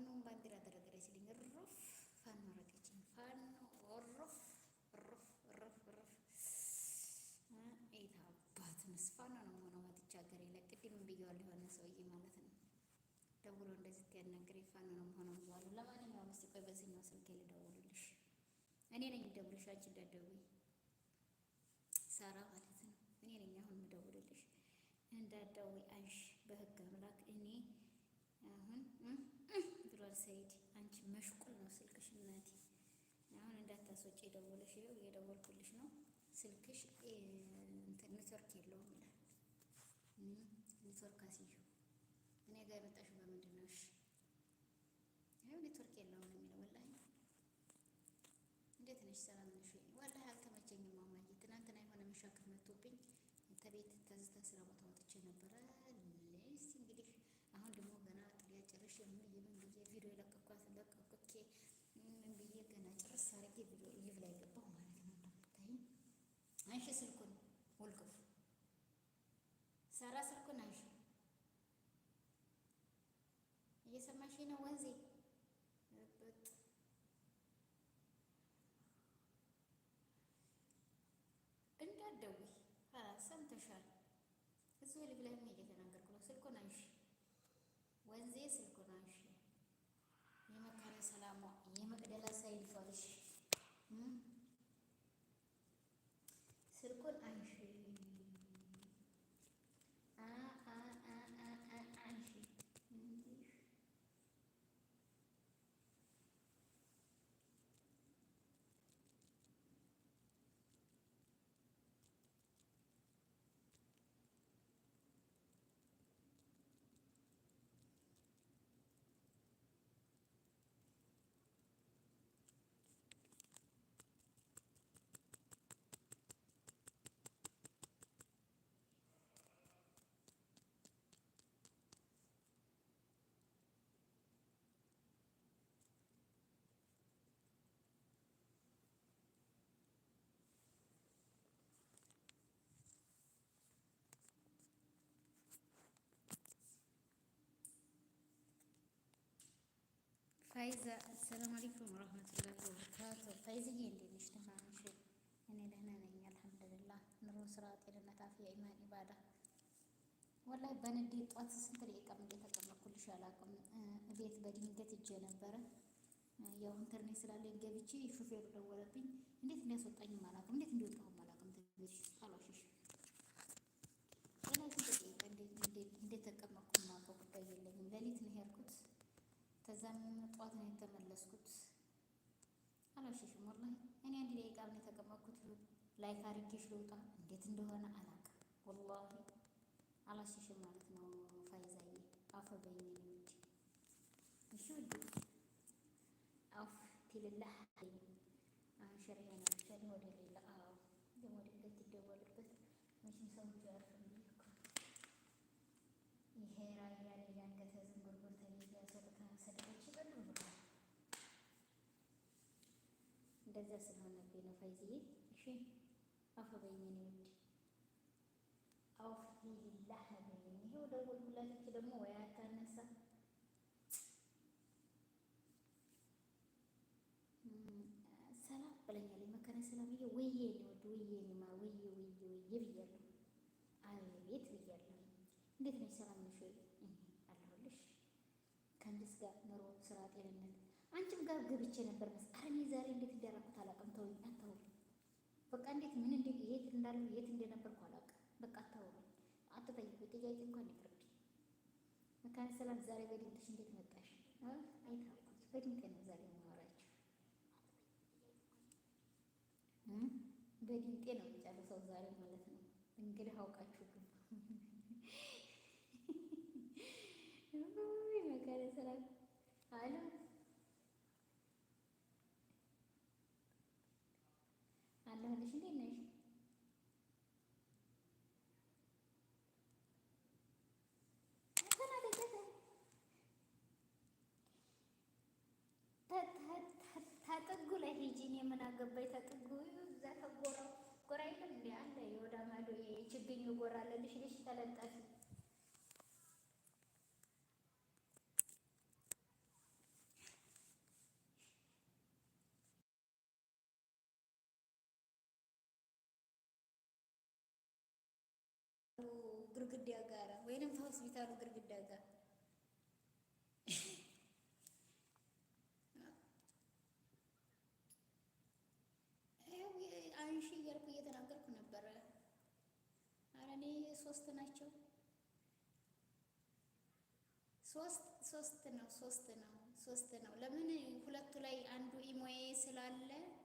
ፋኖን ባንዲራ ተረገረች ልኝ ሩፍ ፋኖ ረገችኝ ፋኖ ሩፍ ሩፍ ሩፍ ሩፍ የታባት ምስፋና ነው የሆነው። መጥቼ ሀገሬ ላይ ቅድም የሆነ ሰውዬ ማለት ነው ደውሎ እንደዚህ ያናገር ፋና ነው የሆነው ብዋሉ። ለማንኛውም እስኪ ቆይ በዚህኛው ስልክ ልደውልልሽ። እኔ ነኝ የምደውልልሽ፣ አንቺ እንዳትደውይ ሰራ ማለት ነው። እኔ ነኝ አሁን የምደውልልሽ፣ እንዳትደውይ አንሽ በህግ ሰይድ አንቺ መሽቁል ነው ስልክሽ። እናቴ አሁን እንዳታስወጪ የደወለሽ ይኸው እየደወልኩልሽ ነው። ስልክሽ ኔትወርክ የለውም ይላል። ኔትወርክ አስይዤ እኔ ጋር የመጣሽው በምንድን ነው? እሺ ይኸው ኔትወርክ የለውም ነው የሚለው። ወላሂ እንዴት ነሽ? ሰላም ነሽ ወላሂ አልተመቸኝም ማማዬ። ትናንትና የሆነ መሻክር መጥቶብኝ ከቤት ተዝታ ስራ ቦታ ወጥቼ ነበረ። እስኪ እንግዲህ አሁን ደግሞ ጨርሽ ምን ቪዲዮ የለቀኳት ለቀኩኬ ምን ብዬ ገና ጨርስ አድርጌ ቪዲዮ ይብ ላይ ገባሁ ማለት ነው። እንደምታይ አንሺ ስልኩን ውልቅፍ ሰራ ስልኩን አንሺ። እየሰማሽ ነው ወንዜ በጥ እንዳትደውይ ሰምተሻል። እዚሁ ልብ ላይ ምን እየተናገርኩ ነው። ስልኩን አንሺ ወንዜ ስልኩን አንሺ። የመካነ ሰላሟ የመቅደላ ሳይድ ፋይዛ አሰላሙ አለይኩም ወረህመቱላሂ ወበረካቱ። ፋይዝዬ እንዴት ነሽ? ደህና ነሽ? እኔ ደህና ነኝ አልሐምዱሊላህ። ኑሮ፣ ስራ፣ ጤንነት፣ አፍያ፣ ኢማን፣ ኢባዳ ወላሂ በንዴት ጧት ስንት ደቂቃም እንደተቀመጥኩልሽ አላውቅም። ቤት በድንገት እጄ ነበረ ያው ኢንተርኔት ስላለኝ ገብቼ ሹፌሩ ደወለብኝ። እንዴት እንዲያስወጣኝም አላውቅም፣ እንዴት እንዲወጣሁም አላውቅም። ትንሽ አሏሽሽ ወላሂ ስንት ደቂቃ እንደተቀመጥኩ የማውቀው ጉዳይ ከዛም ጠዋት ነው የተመለስኩት። አላሸሽም ወላሂ እኔ አንድ ደቂቃ ነው የተቀመጥኩት። ላይክ አድርጌሽ ልውጣ እንዴት እንደሆነ አላውቅም ወላሂ አላሸሽም ማለት ነው። ፋይዛዬ አፍ በይኝ ውድ እሺ፣ ውድ አፍ ትልላህ አንሸር ሆነ ሸር ወደ ሌላ ደግሞ ድንገት ይደወልበት መቼም ሰው ያርፍ እንደዛ ስለሆነብኝ ነው። ፈይዝዬ እሺ አፍ በይኝ የእኔ ውድ አውፍ ቢላህ በይኝ። ይሄው ደግሞ ወይ አታነሳ ሰላም ብለኛል። መከራ ብዬ ውዬ ነው ወድ ውዬ ነው ማ ውዬ ውዬ ብያለሁ። አቤት ብያለሁ። እንዴት ነሽ? ሰላም ነሽ? አለሁልሽ ከእንድስ ጋር ኑሮ ስራ ጤንነት አንቺም ጋር ገብቼ ነበር። በስ እኔ ዛሬ እንዴት እንዳደረኩት አላውቅም። ተው አንተው በቃ እንዴት ምን እንደ የት እንዳሉ የት እንደነበርኩ አላውቅም። በቃ አታውሩኝ፣ አትጠይቁ። ጥያቄ እንኳን ይቅርብኝ። መካነ ሰላም ዛሬ በድንቅሽ እንዴት መጣሽ? አይታወቅኩት በድንቅ ነው ዛሬ የማወራችሁ በድንቄ ነው የምጨርሰው ዛሬ ማለት ነው። እንግዲህ አውቃችሁ ታደርጋለች። እንዴት ነሽ? ተጥጉ ላይ ተጥጉ እዛ ተጎራ ጎራ የለም እንዲ አለ የወዳ ማዶ ችግኝ ጎራ አለ ልሽ ተለጠፊ ግድግዳ ጋር ወይንም ከሆስፒታሉ ግድግዳ ጋር አንሺ እያልኩ እየተናገርኩ ነበረ። ኧረ እኔ ሶስት ናቸው። ሶስት ሶስት ነው ሶስት ነው ሶስት ነው። ለምን ሁለቱ ላይ አንዱ ኢሞዬ ስላለ